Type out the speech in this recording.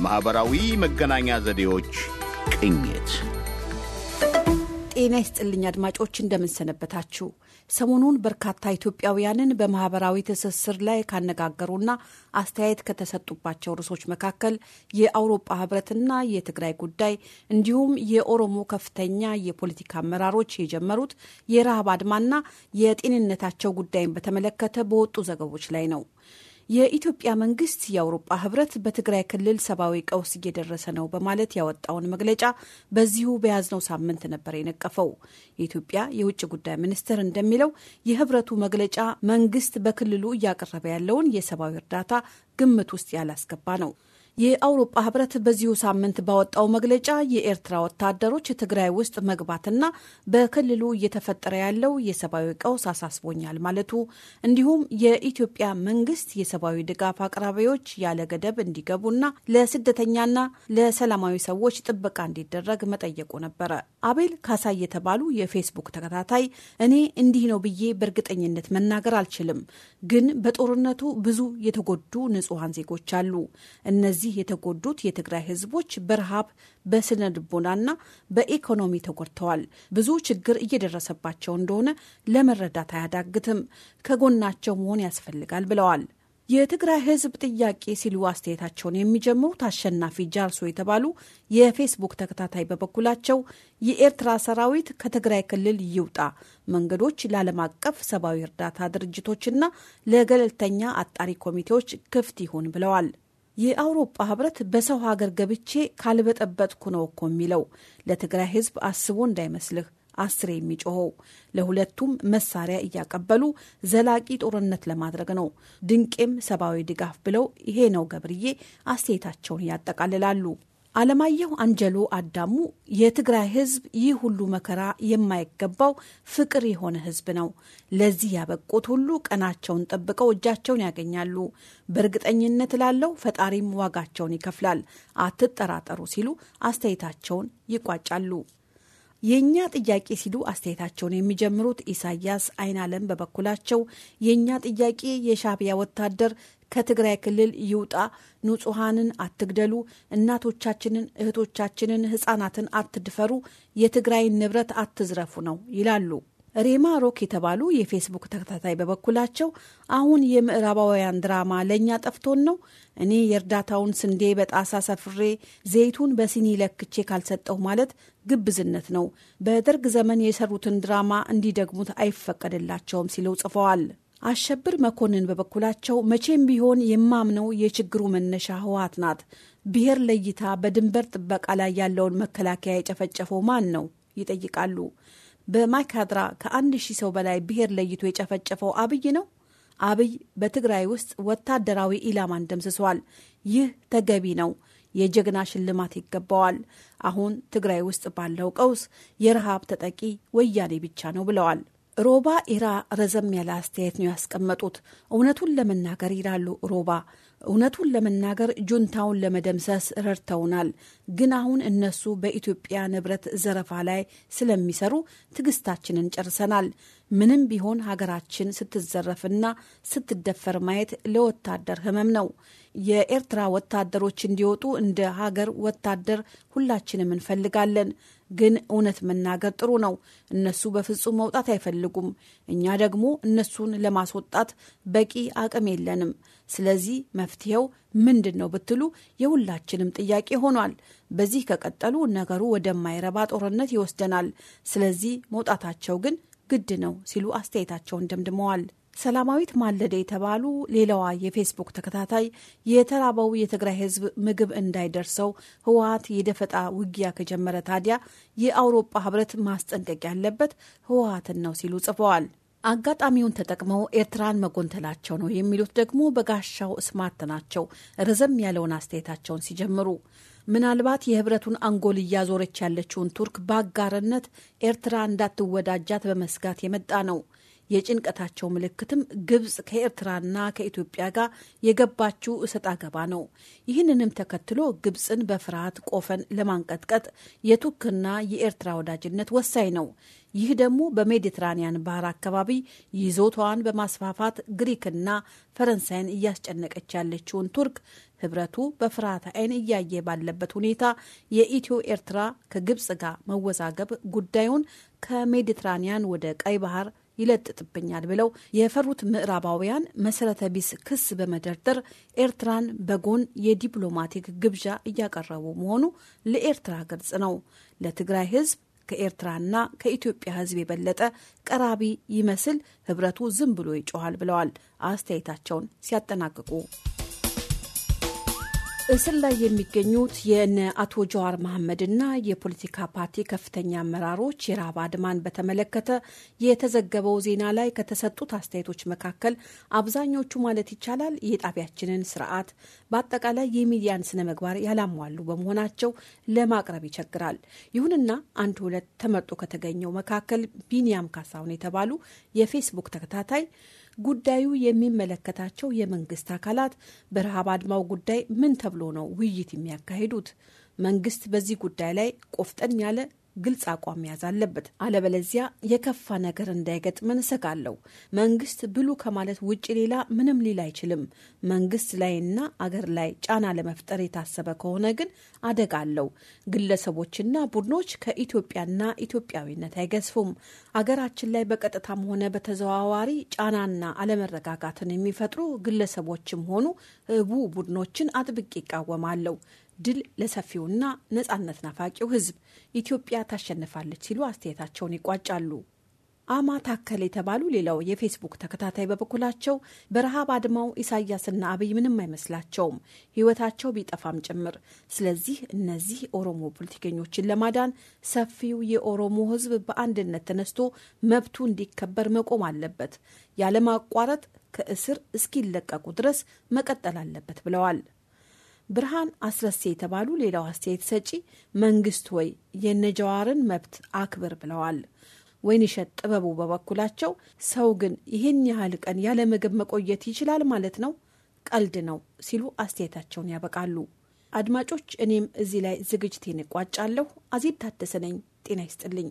የማኅበራዊ መገናኛ ዘዴዎች ቅኝት። ጤና ይስጥልኝ አድማጮች፣ እንደምንሰነበታችሁ። ሰሞኑን በርካታ ኢትዮጵያውያንን በማህበራዊ ትስስር ላይ ካነጋገሩና አስተያየት ከተሰጡባቸው ርዕሶች መካከል የአውሮፓ ህብረትና የትግራይ ጉዳይ እንዲሁም የኦሮሞ ከፍተኛ የፖለቲካ አመራሮች የጀመሩት የረሃብ አድማና የጤንነታቸው ጉዳይን በተመለከተ በወጡ ዘገቦች ላይ ነው። የኢትዮጵያ መንግስት የአውሮፓ ህብረት በትግራይ ክልል ሰብአዊ ቀውስ እየደረሰ ነው በማለት ያወጣውን መግለጫ በዚሁ በያዝነው ሳምንት ነበር የነቀፈው። የኢትዮጵያ የውጭ ጉዳይ ሚኒስትር እንደሚለው የህብረቱ መግለጫ መንግስት በክልሉ እያቀረበ ያለውን የሰብአዊ እርዳታ ግምት ውስጥ ያላስገባ ነው። የአውሮፓ ህብረት በዚሁ ሳምንት ባወጣው መግለጫ የኤርትራ ወታደሮች ትግራይ ውስጥ መግባትና በክልሉ እየተፈጠረ ያለው የሰብአዊ ቀውስ አሳስቦኛል ማለቱ እንዲሁም የኢትዮጵያ መንግስት የሰብአዊ ድጋፍ አቅራቢዎች ያለ ገደብ እንዲገቡና ለስደተኛና ለሰላማዊ ሰዎች ጥበቃ እንዲደረግ መጠየቁ ነበረ። አቤል ካሳ የተባሉ የፌስቡክ ተከታታይ እኔ እንዲህ ነው ብዬ በእርግጠኝነት መናገር አልችልም፣ ግን በጦርነቱ ብዙ የተጎዱ ንጹሐን ዜጎች አሉ እነዚህ በዚህ የተጎዱት የትግራይ ህዝቦች በረሃብ በስነ ልቦናና በኢኮኖሚ ተጎድተዋል። ብዙ ችግር እየደረሰባቸው እንደሆነ ለመረዳት አያዳግትም። ከጎናቸው መሆን ያስፈልጋል ብለዋል። የትግራይ ህዝብ ጥያቄ ሲሉ አስተያየታቸውን የሚጀምሩት አሸናፊ ጃርሶ የተባሉ የፌስቡክ ተከታታይ በበኩላቸው የኤርትራ ሰራዊት ከትግራይ ክልል ይውጣ፣ መንገዶች ለዓለም አቀፍ ሰብአዊ እርዳታ ድርጅቶችና ለገለልተኛ አጣሪ ኮሚቴዎች ክፍት ይሁን ብለዋል። የአውሮፓ ህብረት በሰው ሀገር ገብቼ ካልበጠበጥኩ ነው እኮ የሚለው። ለትግራይ ህዝብ አስቦ እንዳይመስልህ አስሬ የሚጮኸው ለሁለቱም መሳሪያ እያቀበሉ ዘላቂ ጦርነት ለማድረግ ነው። ድንቄም ሰብአዊ ድጋፍ ብለው ይሄ ነው ገብርዬ አስተያየታቸውን ያጠቃልላሉ። አለማየሁ አንጀሎ አዳሙ የትግራይ ህዝብ ይህ ሁሉ መከራ የማይገባው ፍቅር የሆነ ህዝብ ነው። ለዚህ ያበቁት ሁሉ ቀናቸውን ጠብቀው እጃቸውን ያገኛሉ። በእርግጠኝነት ላለው ፈጣሪም ዋጋቸውን ይከፍላል። አትጠራጠሩ ሲሉ አስተያየታቸውን ይቋጫሉ። የእኛ ጥያቄ ሲሉ አስተያየታቸውን የሚጀምሩት ኢሳያስ አይናለም በበኩላቸው የእኛ ጥያቄ የሻቢያ ወታደር ከትግራይ ክልል ይውጣ፣ ንጹሐንን አትግደሉ፣ እናቶቻችንን፣ እህቶቻችንን፣ ህጻናትን አትድፈሩ፣ የትግራይን ንብረት አትዝረፉ ነው ይላሉ። ሬማ ሮክ የተባሉ የፌስቡክ ተከታታይ በበኩላቸው አሁን የምዕራባውያን ድራማ ለእኛ ጠፍቶን ነው። እኔ የእርዳታውን ስንዴ በጣሳ ሰፍሬ ዘይቱን በሲኒ ለክቼ ካልሰጠሁ ማለት ግብዝነት ነው። በደርግ ዘመን የሰሩትን ድራማ እንዲደግሙት አይፈቀድላቸውም ሲለው ጽፈዋል። አሸብር መኮንን በበኩላቸው መቼም ቢሆን የማምነው የችግሩ መነሻ ህወሓት ናት። ብሔር ለይታ በድንበር ጥበቃ ላይ ያለውን መከላከያ የጨፈጨፈው ማን ነው ይጠይቃሉ። በማይካድራ ከአንድ ሺህ ሰው በላይ ብሔር ለይቶ የጨፈጨፈው አብይ ነው። አብይ በትግራይ ውስጥ ወታደራዊ ኢላማን ደምስሷል። ይህ ተገቢ ነው። የጀግና ሽልማት ይገባዋል። አሁን ትግራይ ውስጥ ባለው ቀውስ የረሃብ ተጠቂ ወያኔ ብቻ ነው ብለዋል። ሮባ ኢራ ረዘም ያለ አስተያየት ነው ያስቀመጡት። እውነቱን ለመናገር ይላሉ ሮባ እውነቱን ለመናገር ጁንታውን ለመደምሰስ ረድተውናል። ግን አሁን እነሱ በኢትዮጵያ ንብረት ዘረፋ ላይ ስለሚሰሩ ትዕግስታችንን ጨርሰናል። ምንም ቢሆን ሀገራችን ስትዘረፍና ስትደፈር ማየት ለወታደር ህመም ነው። የኤርትራ ወታደሮች እንዲወጡ እንደ ሀገር ወታደር ሁላችንም እንፈልጋለን። ግን እውነት መናገር ጥሩ ነው። እነሱ በፍጹም መውጣት አይፈልጉም። እኛ ደግሞ እነሱን ለማስወጣት በቂ አቅም የለንም። ስለዚህ መፍትሄው ምንድን ነው ብትሉ የሁላችንም ጥያቄ ሆኗል። በዚህ ከቀጠሉ ነገሩ ወደማይረባ ጦርነት ይወስደናል። ስለዚህ መውጣታቸው ግን ግድ ነው ሲሉ አስተያየታቸውን ደምድመዋል። ሰላማዊት ማለደ የተባሉ ሌላዋ የፌስቡክ ተከታታይ የተራበው የትግራይ ሕዝብ ምግብ እንዳይደርሰው ህወሀት የደፈጣ ውጊያ ከጀመረ ታዲያ የአውሮፓ ህብረት ማስጠንቀቅ ያለበት ህወሀትን ነው ሲሉ ጽፈዋል። አጋጣሚውን ተጠቅመው ኤርትራን መጎንተላቸው ነው የሚሉት ደግሞ በጋሻው እስማት ናቸው። ረዘም ያለውን አስተያየታቸውን ሲጀምሩ ምናልባት የህብረቱን አንጎል እያዞረች ያለችውን ቱርክ በአጋርነት ኤርትራ እንዳትወዳጃት በመስጋት የመጣ ነው። የጭንቀታቸው ምልክትም ግብጽ ከኤርትራና ከኢትዮጵያ ጋር የገባችው እሰጥ አገባ ነው። ይህንንም ተከትሎ ግብጽን በፍርሃት ቆፈን ለማንቀጥቀጥ የቱርክና የኤርትራ ወዳጅነት ወሳኝ ነው። ይህ ደግሞ በሜዲትራኒያን ባህር አካባቢ ይዞታዋን በማስፋፋት ግሪክና ፈረንሳይን እያስጨነቀች ያለችውን ቱርክ ህብረቱ በፍርሃት አይን እያየ ባለበት ሁኔታ የኢትዮ ኤርትራ ከግብጽ ጋር መወዛገብ ጉዳዩን ከሜዲትራኒያን ወደ ቀይ ባህር ይለጥጥብኛል ብለው የፈሩት ምዕራባውያን መሰረተ ቢስ ክስ በመደርደር ኤርትራን በጎን የዲፕሎማቲክ ግብዣ እያቀረቡ መሆኑ ለኤርትራ ግልጽ ነው። ለትግራይ ሕዝብ ከኤርትራና ከኢትዮጵያ ሕዝብ የበለጠ ቀራቢ ይመስል ህብረቱ ዝም ብሎ ይጮኋል ብለዋል አስተያየታቸውን ሲያጠናቅቁ። እስር ላይ የሚገኙት የነ አቶ ጀዋር መሐመድና የፖለቲካ ፓርቲ ከፍተኛ አመራሮች የረሃብ አድማን በተመለከተ የተዘገበው ዜና ላይ ከተሰጡት አስተያየቶች መካከል አብዛኞቹ ማለት ይቻላል የጣቢያችንን ስርዓት በአጠቃላይ የሚዲያን ስነ ምግባር ያላሟሉ በመሆናቸው ለማቅረብ ይቸግራል። ይሁንና አንድ ሁለት ተመርጦ ከተገኘው መካከል ቢኒያም ካሳሁን የተባሉ የፌስቡክ ተከታታይ ጉዳዩ የሚመለከታቸው የመንግስት አካላት በረሃብ አድማው ጉዳይ ምን ተብሎ ነው ውይይት የሚያካሂዱት? መንግስት በዚህ ጉዳይ ላይ ቆፍጠን ያለ ግልጽ አቋም መያዝ አለበት። አለበለዚያ የከፋ ነገር እንዳይገጥመን እሰጋለሁ። መንግስት ብሉ ከማለት ውጭ ሌላ ምንም ሊል አይችልም። መንግስት ላይና አገር ላይ ጫና ለመፍጠር የታሰበ ከሆነ ግን አደጋ አለው። ግለሰቦችና ቡድኖች ከኢትዮጵያና ኢትዮጵያዊነት አይገዝፉም። አገራችን ላይ በቀጥታም ሆነ በተዘዋዋሪ ጫናና አለመረጋጋትን የሚፈጥሩ ግለሰቦችም ሆኑ እቡ ቡድኖችን አጥብቅ ይቃወማለሁ። ድል ለሰፊውና ነጻነት ናፋቂው ህዝብ ኢትዮጵያ ታሸንፋለች ሲሉ አስተያየታቸውን ይቋጫሉ። አማ ታከል የተባሉ ሌላው የፌስቡክ ተከታታይ በበኩላቸው በረሃብ አድማው ኢሳያስና አብይ ምንም አይመስላቸውም፣ ህይወታቸው ቢጠፋም ጭምር። ስለዚህ እነዚህ ኦሮሞ ፖለቲከኞችን ለማዳን ሰፊው የኦሮሞ ህዝብ በአንድነት ተነስቶ መብቱ እንዲከበር መቆም አለበት፣ ያለማቋረጥ ከእስር እስኪለቀቁ ድረስ መቀጠል አለበት ብለዋል። ብርሃን አስረሴ የተባሉ ሌላው አስተያየት ሰጪ መንግስት ወይ የነጀዋርን መብት አክብር ብለዋል። ወይንሸት ጥበቡ በበኩላቸው ሰው ግን ይህን ያህል ቀን ያለ ምግብ መቆየት ይችላል ማለት ነው? ቀልድ ነው ሲሉ አስተያየታቸውን ያበቃሉ። አድማጮች፣ እኔም እዚህ ላይ ዝግጅቴን እቋጫለሁ። አዜብ ታደሰ ነኝ። ጤና ይስጥልኝ።